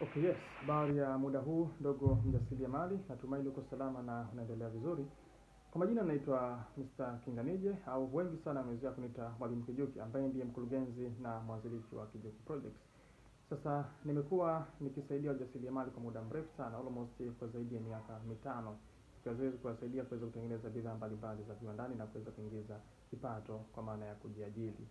Okay, yes. Habari ya muda huu ndogo mjasiriamali, natumaini uko salama na unaendelea vizuri. Kwa majina naitwa Mr. Kinganije au wengi sana wamezoea kuniita Mwalimu Kijuki ambaye ndiye mkurugenzi na mwanzilishi wa Kijuki Projects. Sasa nimekuwa nikisaidia wajasiriamali kwa muda mrefu sana, almost kwa zaidi ya miaka mitano, tukiweza kuwasaidia kuweza kutengeneza bidhaa mbalimbali za viwandani na kuweza kuingiza kipato kwa maana ya kujiajiri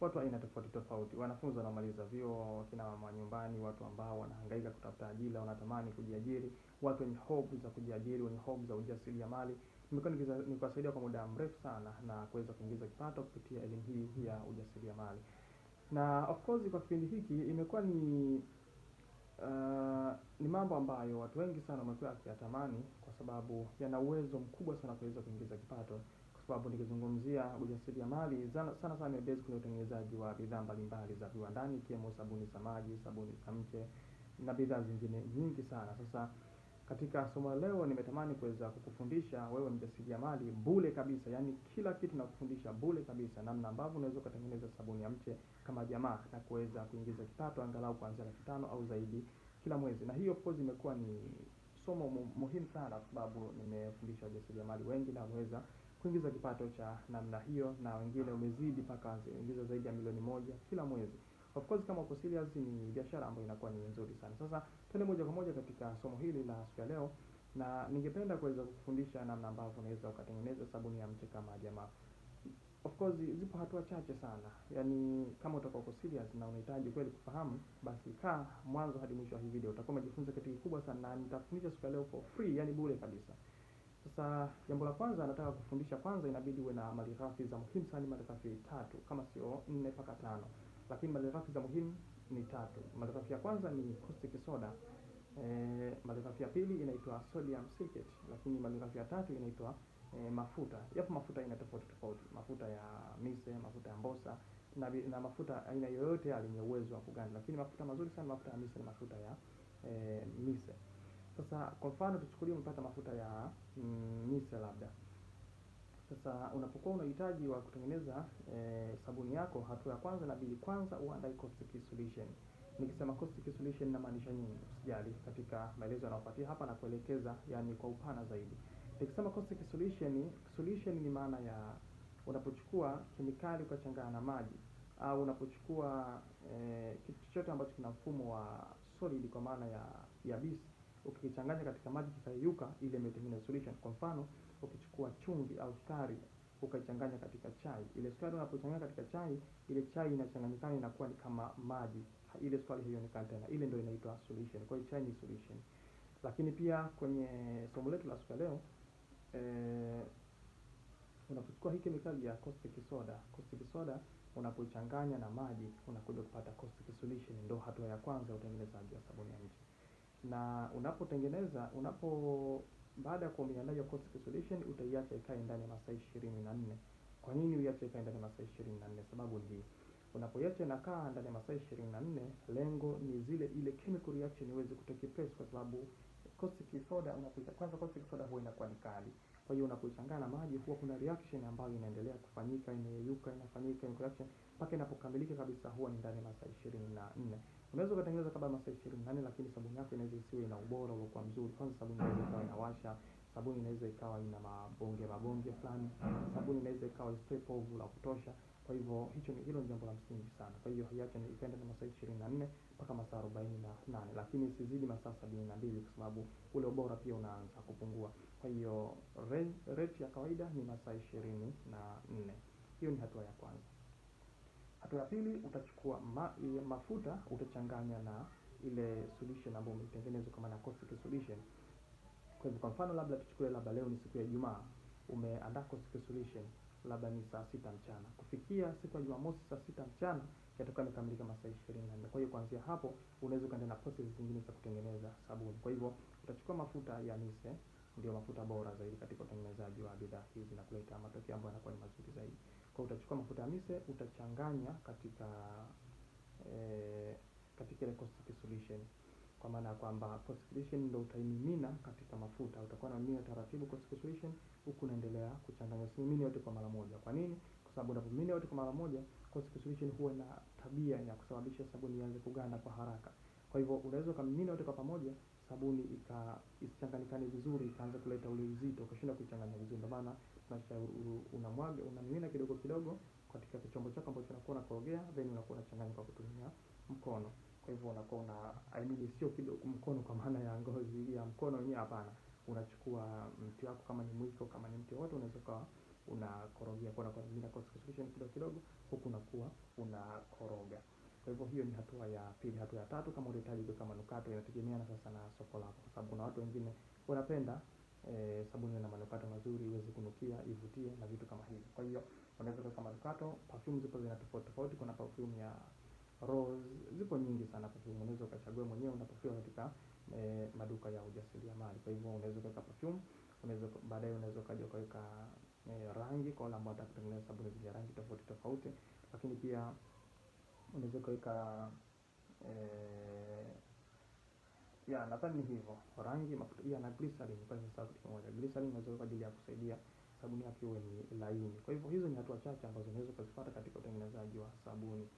watu aina tofauti tofauti, wanafunzi wanamaliza vyuo, wakina mama nyumbani, watu ambao wanahangaika kutafuta ajira, wanatamani kujiajiri, watu wenye hope za kujiajiri, wenye hope za ujasiriamali. Nimekuwa nikiwasaidia kwa muda mrefu sana na kuweza kuingiza kipato kupitia elimu hii ya ujasiriamali, na of course kwa kipindi hiki imekuwa ni Uh, ni mambo ambayo watu wengi sana wamekuwa akiyatamani kwa sababu yana uwezo mkubwa sana kuweza kuingiza kipato sababu nikizungumzia ujasiriamali sana sana nimebase kwenye utengenezaji wa bidhaa mbalimbali za viwandani ikiwemo sabuni za maji, sabuni za mche na bidhaa zingine nyingi sana. Sasa katika somo leo nimetamani kuweza kukufundisha wewe mjasiriamali bule kabisa, yani kila kitu nakufundisha bule kabisa, namna ambavyo unaweza ukatengeneza sabuni ya mche kama jamaa na kuweza kuingiza kipato angalau kuanzia laki tano au zaidi kila mwezi, na hiyo of imekuwa ni somo muhimu sana, kwa sababu nimefundisha wajasiriamali wengi na wameweza kuingiza kipato cha namna hiyo, na wengine umezidi mpaka kuingiza zaidi ya milioni moja kila mwezi. Of course kama uko serious, ni biashara ambayo inakuwa ni nzuri sana. Sasa twende moja kwa moja katika somo hili la siku ya leo, na ningependa kuweza kukufundisha namna ambavyo unaweza ukatengeneza sabuni ya mche kama jamaa. Of course zipo hatua chache sana, yaani kama utakuwa uko serious na unahitaji kweli kufahamu, basi kaa mwanzo hadi mwisho wa hii video, utakuwa umejifunza kitu kikubwa sana, na nitakufundisha siku leo for free, yani bure kabisa. Sasa jambo la kwanza nataka kufundisha, kwanza inabidi uwe na malighafi za muhimu sana, malighafi tatu kama sio nne mpaka tano, lakini malighafi za muhimu ni tatu. Malighafi ya kwanza ni caustic soda e, malighafi ya pili inaitwa sodium silicate, lakini malighafi ya tatu inaitwa e, mafuta. Yapo mafuta aina tofauti tofauti, mafuta ya mise, mafuta ya mbosa na, na mafuta aina yoyote yenye uwezo wa kuganda, lakini mafuta mazuri sana mafuta ya mise ni mafuta ya e, mise sasa kwa mfano tuchukulie umepata mafuta ya mm, labda. Sasa unapokuwa unahitaji wa kutengeneza e, sabuni yako, hatua ya kwanza bili kwanza uandae caustic solution. Nikisema caustic solution namaanisha nini? Usijali, katika maelezo yanayofuatia hapa na kuelekeza yani kwa upana zaidi. Nikisema caustic solution, solution ni maana ya unapochukua kemikali ukachanganya na maji au unapochukua e, kitu chochote ambacho kina mfumo wa solid kwa maana ya yabisi ukichanganya katika maji kisayuka, ile imetengeneza solution. Kwa mfano, ukichukua chumvi au sukari ukaichanganya katika chai, ile sukari unapochanganya katika chai, ile chai inachanganyikana inakuwa ni kama maji, ile sukari haionekani tena. Ile ndio inaitwa solution. Kwa hiyo chai ni solution. Lakini pia kwenye somo letu la siku leo eh, unapochukua hii kemikali ya caustic soda, caustic soda unapochanganya na maji unakuja kupata caustic solution. Ndio hatua ya kwanza utengenezaji wa sabuni ya mche na unapotengeneza unapo baada ya kuomenya nayo caustic solution utaiacha ikae ndani ya masaa 24. Kwa nini uiache ikae ndani ya masaa 24? Sababu ni hii unapoiacha inakaa ndani ya masaa 24, lengo ni zile ile chemical reaction iweze kutake place, kwa sababu caustic soda unapoita kwanza, caustic soda huwa inakuwa ni kali kwa hiyo unapoichanganya na maji huwa kuna reaction ambayo inaendelea kufanyika, inayeyuka, inafanyika reaction mpaka inapokamilika kabisa, huwa ni ndani ya masaa 24. Unaweza kutengeneza kabla masaa 24, lakini sabuni yako inaweza isiwe ina ubora kwa mzuri. Kwanza sabuni inaweza ikawa inawasha, sabuni inaweza ikawa ina mabonge mabonge fulani, sabuni inaweza ikawa isipe povu la kutosha. Kwa hivyo hicho ni hilo jambo la msingi sana. Kwa hiyo yake ni ikaenda na masaa 24 mpaka masaa 48, lakini isizidi masaa 72 kwa sababu ule ubora pia unaanza kupungua. Kwa hiyo rate ya kawaida ni masaa 24. Hiyo ni hatua ya kwanza. Hatua ya pili, utachukua ma, ya mafuta utachanganya na ile solution ambayo umetengenezwa kama na caustic solution. Kwa hivyo kwa mfano labda tuchukue labda leo ni siku ya Ijumaa, umeandaa caustic solution labda ni saa sita mchana. Kufikia siku ya Jumamosi saa sita mchana yatakuwa yamekamilika masaa 24. Kwa hiyo kuanzia hapo unaweza ukaenda na process zingine za kutengeneza sabuni. Kwa hivyo utachukua mafuta ya mise, ndio mafuta bora zaidi katika utengenezaji wa bidhaa hizi na kuleta matokeo ambayo yanakuwa ni mazuri zaidi. Kwa utachukua mafuta ya mise utachanganya katika eh, katika ile caustic solution kwa maana ya kwamba precipitation ndio utaimimina katika mafuta, utakuwa unamimina taratibu precipitation, huku unaendelea kuchanganya. Usimimine yote kwa mara moja. Kwa nini? Kwa sababu unapomimina yote kwa mara moja, precipitation huwa na tabia ya kusababisha sabuni ianze kuganda kwa haraka. Kwa hivyo unaweza ukamimina yote kwa pamoja, sabuni ika isichanganyikane vizuri, ikaanza kuleta ule uzito, ukashinda kuichanganya vizuri. Ndio maana tunashauri unamwaga, unamimina kidogo kidogo katika kichombo chako ambacho unakuwa unakorogea, then unakuwa unachanganya kwa kutumia mkono. Kwa hivyo unakuwa una I mean sio kidogo mkono kwa maana ya ngozi ya mkono wenyewe hapana. Unachukua mti wako kama ni mwiko kama ni mti wote, unaweza ukawa unakorogia kwa na constitution kidogo kidogo huku unakuwa unakoroga. Kwa hivyo hiyo ni hatua ya pili. Hatua ya tatu kama unahitaji kuweka manukato, inategemeana sasa na soko lako, kwa sababu kuna watu wengine wanapenda eh, sabuni na manukato mazuri iweze kunukia, ivutie na vitu kama hivyo. Kwa hiyo unaweza kuweka manukato, perfume zipo zina tofauti tofauti, kuna perfume ya Roles zipo nyingi sana perfume, unaweza ukachagua mwenyewe unapofika katika e, maduka ya ujasiriamali. Kwa hivyo unaweza ukaweka perfume, unaweza baadaye unaweza ukaja ukaweka e, rangi kwa wale ambao wanataka kutengeneza sabuni zenye rangi tofauti tofauti, lakini pia unaweza ukaweka e, ya nadhani ni hivyo rangi, mafuta ya na glycerin. Kwa hivyo sababu kimoja glycerin inaweza kwa ajili ya kusaidia sabuni yako iwe ni laini. Kwa hivyo hizo ni hatua chache ambazo unaweza kuzifuata katika utengenezaji wa sabuni.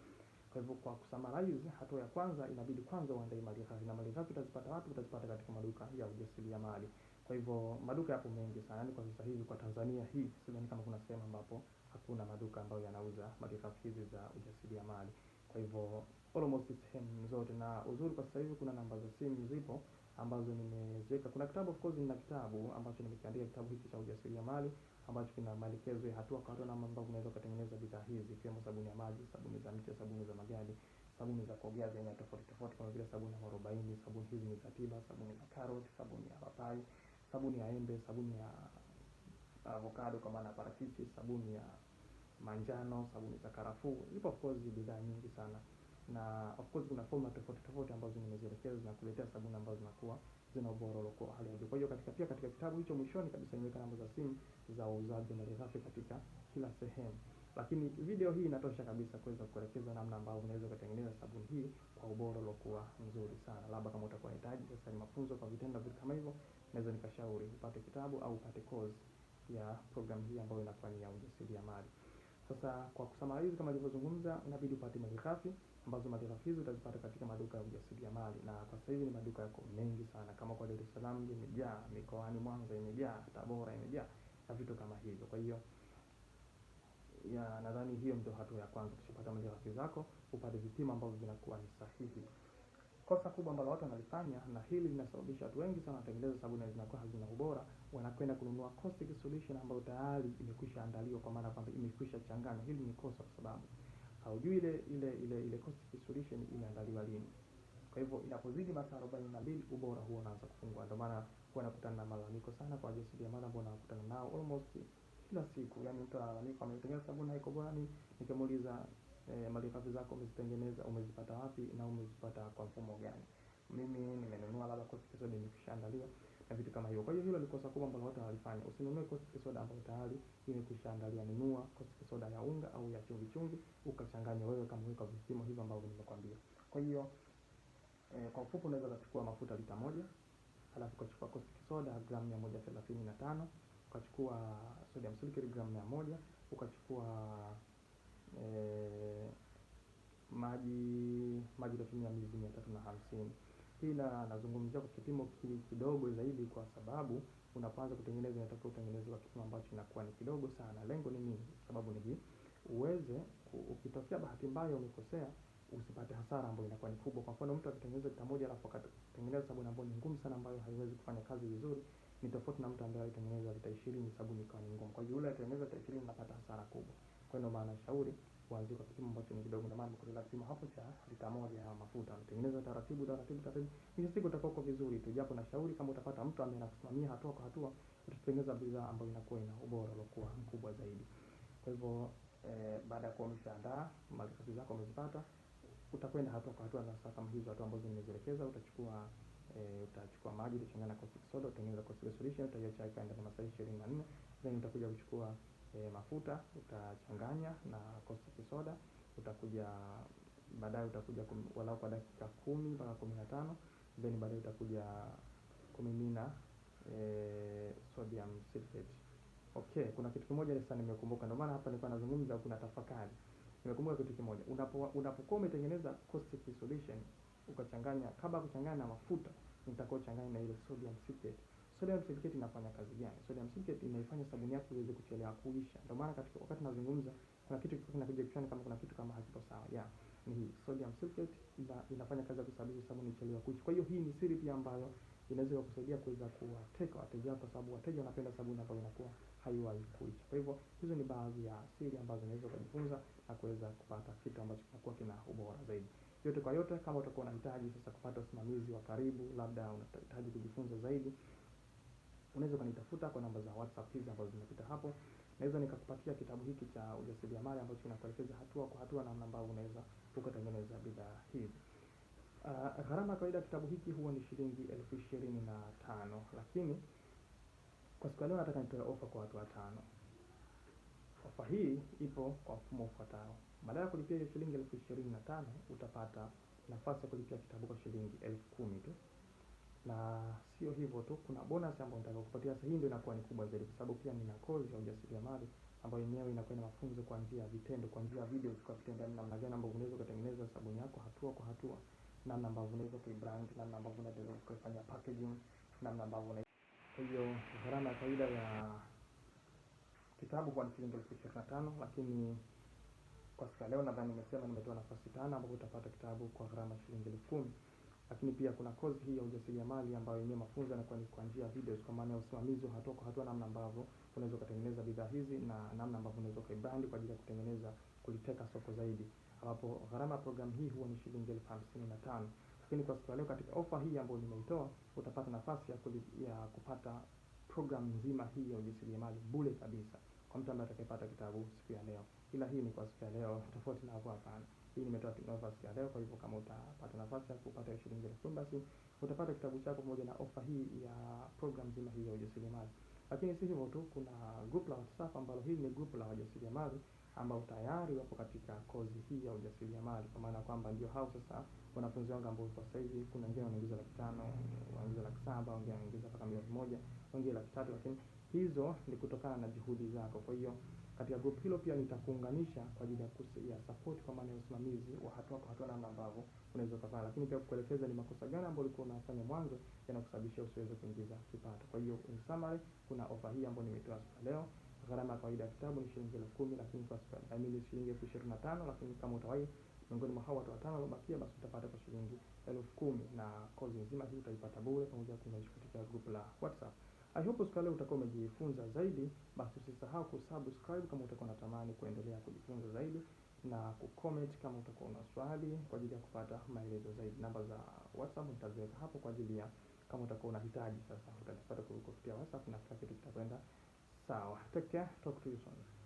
Kwa hivyo kwa kusamarize, hatua ya kwanza inabidi kwanza uandae mali ghafi, na mali ghafi utazipata wapi? Utazipata katika maduka ya ujasiriamali. Kwa hivyo maduka yapo mengi sana, yaani kwa sasa hivi kwa Tanzania hii sidhani kama kuna sehemu ambapo hakuna maduka ambayo yanauza mali ghafi hizi za ujasiriamali. Kwa hivyo almost sehemu zote, na uzuri kwa sasa hivi kuna namba za simu zipo ambazo nimeziweka. Kuna kitabu of course, nina kitabu ambacho nimekiandika, kitabu hiki cha ujasiriamali ambacho kina maelekezo ya hatua kwa hatua namna ambavyo unaweza kutengeneza bidhaa hizi ikiwemo sabuni ya maji, sabuni za mche, sabuni za magadi, sabuni za kuogea za aina tofauti tofauti kama vile sabuni ya mwarobaini. Sabuni hizi ni za tiba, sabuni ya carrot, sabuni ya papai, sabuni ya embe, sabuni ya avocado kwa maana parachichi, sabuni ya manjano, sabuni za karafuu. ipo of course bidhaa nyingi sana na of course kuna format tofauti tofauti ambazo nimezielekeza zinakuletea sabuni ambazo zinakuwa zina ubora wa hali ya juu. Kwa hiyo katika pia katika kitabu hicho mwishoni kabisa nimeweka namba za simu za wauzaji malighafi katika kila sehemu. Lakini video hii inatosha kabisa kuweza kuelekeza namna ambavyo unaweza kutengeneza sabuni hii kwa ubora uliokuwa mzuri sana. Labda kama utakuwa unahitaji sasa ni mafunzo kwa vitendo vitu kama hivyo, naweza nikashauri upate kitabu au upate course ya program hii ambayo inakuwa ni ya ujasiriamali. Sasa kwa kusamarizi, kama nilivyozungumza, inabidi upate malighafi ambazo malighafi hizo utazipata katika maduka ya ujasiriamali, na kwa sasa hivi ni maduka yako mengi sana, kama kwa Dar es Salaam imejaa, mikoani Mwanza imejaa, Tabora imejaa na vitu kama hivyo. Kwa hiyo ya nadhani hiyo ndio hatua ya kwanza, ukishapata malighafi zako upate vipimo ambavyo vinakuwa ni sahihi kosa kubwa ambalo watu wanalifanya, na hili linasababisha watu wengi sana wanatengeneza sabuni zinakuwa hazina ubora, wanakwenda kununua caustic solution ambayo tayari imekwisha andaliwa, kwa maana kwamba imekwisha changanywa. Hili ni kosa, kwa sababu haujui ile ile ile ile caustic solution imeandaliwa lini. Kwa hivyo inapozidi masaa arobaini na mbili ubora huo unaanza kupungua. Ndio maana huwa nakutana na malalamiko sana kwa wajasiriamali ambao nakutana nao almost kila siku, yaani mtu analalamika ametengeneza sabuni haiko bora, nikimuuliza e, eh, malighafi zako umezitengeneza umezipata wapi na umezipata kwa mfumo gani? Mimi nimenunua labda course episode nikishaandaliwa na vitu kama hiyo. Kwa hiyo hilo ni kosa kubwa ambalo watu wanalifanya. Usinunue course episode ambayo tayari imekwishaandaliwa. Nunua course episode ya unga au ya chumvi chumvi, ukachanganya wewe kama wewe kwa vipimo hivyo ambavyo nimekwambia. Kwa hiyo e, kwa ufupi unaweza kuchukua mafuta lita moja alafu ukachukua course soda gramu 135 ukachukua sodium silicate gramu 100 ukachukua ajili ya chini ya miezi mia tatu na hamsini. Hii na nazungumzia kwa kipimo kidogo zaidi, kwa sababu unapoanza kutengeneza inatakiwa utengeneze kwa kipimo ambacho inakuwa ni kidogo sana. Lengo ni nini? Sababu ni hii, uweze ukitokea bahati mbaya umekosea usipate hasara ambayo inakuwa ni kubwa. Kwa mfano, mtu akitengeneza moja alafu akatengeneza sabuni ambayo ni ngumu sana, ambayo haiwezi kufanya kazi vizuri ni tofauti na mtu ambaye alitengeneza lita 20 ni sabuni ikawa ni ngumu. Kwa hiyo yule alitengeneza lita 20 anapata hasara kubwa. Kwa hiyo maana shauri kuanzia kwa kipimo ambacho ni kidogo, na maana nimekuleta kipimo hapo cha lita moja ya mafuta. Utengeneza taratibu taratibu taratibu, hizo siku utakuwa vizuri tu, japo na shauri kama utapata mtu ambaye amenasimamia hatua kwa hatua, utatengeneza bidhaa ambayo inakuwa ina ubora uliokuwa mkubwa zaidi. Kwa hivyo eh, baada ya kuwa umeshaandaa malighafi zako umezipata, utakwenda hatua kwa hatua, na sasa kama hizo hatua ambazo nimezielekeza, utachukua E, utachukua maji utachanganya na caustic soda, utengeneza caustic solution, utaiacha ikaenda kama masaa 24 then utakuja kuchukua e, mafuta utachanganya na caustic soda, utakuja baadaye utakuja kum, walau kwa dakika kumi mpaka kumi na tano then baadaye utakuja kumimina e, eh, sodium sulfate. Okay, kuna kitu kimoja sasa nimekumbuka, ndio maana hapa nilikuwa nazungumza, kuna tafakari. Nimekumbuka kitu kimoja, unapokuwa umetengeneza caustic solution ukachanganya, kabla kuchanganya na mafuta, nitakuwa changanya na ile sodium sulfate sodium silicate inafanya kazi gani? Sodium silicate inaifanya sabuni yako iweze kuchelewa kuisha. Ndio maana katika wakati nazungumza kuna kitu kilikuwa kinakuja kichwani kama kuna kitu kama hakipo sawa. Yeah, ni hii sodium silicate ina, inafanya kazi ya kusababisha sabuni ichelewa kuisha. Kwa hiyo hii ni siri pia ambayo inaweza kukusaidia kuweza kuwateka wateja wako, sababu wateja wanapenda sabuni ambayo inakuwa haiwahi kuisha. Kwa hivyo hizo ni baadhi ya siri ambazo unaweza kujifunza na kuweza kupata kitu ambacho kinakuwa kina ubora zaidi. Yote kwa yote, kama utakuwa unahitaji sasa kupata usimamizi wa karibu, labda unahitaji kujifunza zaidi Unaweza kunitafuta kwa namba za WhatsApp hizi ambazo zimepita hapo. Naweza nikakupatia kitabu hiki cha ujasiriamali ambacho kinakuelekeza hatua kwa hatua namna ambavyo unaweza ukatengeneza bidhaa hizi. Uh, gharama kawaida kitabu hiki huwa ni shilingi elfu ishirini na tano lakini kwa siku leo nataka nitoe ofa kwa watu watano. Ofa hii ipo kwa mfumo ufuatao: badala ya kulipia shilingi elfu ishirini na tano utapata nafasi ya kulipia kitabu kwa shilingi elfu kumi tu na sio hivyo tu, kuna bonus ambayo nitakakupatia sasa. Hii ndio inakuwa ni kubwa zaidi, kwa sababu pia nina kozi ya ujasiriamali ambayo yenyewe inakuwa ina mafunzo kuanzia vitendo, kuanzia video kwa vitendo, namna gani ambavyo unaweza kutengeneza sabuni yako hatua kwa hatua, namna ambavyo unaweza kuibrand, namna ambavyo unaweza kufanya packaging, namna ambavyo unaweza. kwa hiyo gharama ya kawaida ya kitabu kwa ni shilingi elfu ishirini na tano lakini kwa siku leo nadhani nimesema nimetoa nafasi tano ambapo utapata kitabu kwa gharama shilingi elfu kumi. Lakini pia kuna course hii ya ujasiriamali ambayo yenyewe mafunzo yanakuwa ni kwa njia ya videos, kwa maana ya usimamizi wa hatua kwa hatua, namna ambavyo unaweza kutengeneza bidhaa hizi na namna ambavyo unaweza kuibrand kwa ajili ya kutengeneza kuliteka soko zaidi, ambapo gharama ya programu hii huwa ni shilingi elfu hamsini na tano lakini kwa siku ya leo katika ofa hii ambayo nimeitoa utapata nafasi ya, kuli, ya kupata program nzima hii ya ujasiriamali bure kabisa kwa mtu ambaye atakayepata kitabu siku ya leo. Ila hii ni kwa siku ya leo, tofauti na hapo hapana. Hii nimetoa nafasi ya leo, kwa hivyo kama utapata nafasi ya kupata shilingi elfu kumi basi utapata kitabu chako pamoja na ofa hii ya program nzima hii ya ujasiriamali. Lakini si hivyo tu, kuna group la WhatsApp ambalo hili ni group la wajasiriamali ambao tayari wapo katika kozi hii ya ujasiriamali, kwa maana kwamba ndio hao sasa wanafunzi wangu ambao kwa sasa hivi kuna wengine wanaingiza laki tano, wanaingiza laki saba, wengine wanaingiza mpaka milioni moja, wengine laki tatu, lakini hizo ni kutokana na juhudi zako. Kwa hiyo katika group hilo pia nitakuunganisha kwa ajili ya support kwa maana ya usimamizi wa hatua kwa hatua, namna ambavyo unaweza kufanya, lakini pia kukuelekeza ni makosa gani ambayo ulikuwa unafanya mwanzo yanakusababishia usiweze kuingiza kipato. Kwa hiyo in summary, kuna ofa hii ambayo nimetoa siku leo. Gharama ya kawaida ya kitabu ni shilingi elfu kumi lakini kwa siku ya ni shilingi elfu ishirini na tano lakini kama utawahi miongoni mwa hao watu watano waliobakia, basi utapata kwa shilingi elfu kumi na kozi nzima hii utaipata bure, pamoja na kuunganishwa katika group la WhatsApp. I hope siku utakuwa umejifunza zaidi, basi usisahau kusubscribe kama utakuwa unatamani kuendelea kujifunza zaidi na kucomment kama utakuwa una swali kwa ajili ya kupata maelezo zaidi. Namba za WhatsApp nitaziweka hapo kwa ajili ya kama utakuwa unahitaji, sasa utanipata kupitia WhatsApp na kila kitu kitakwenda sawa. Take care, talk to you soon.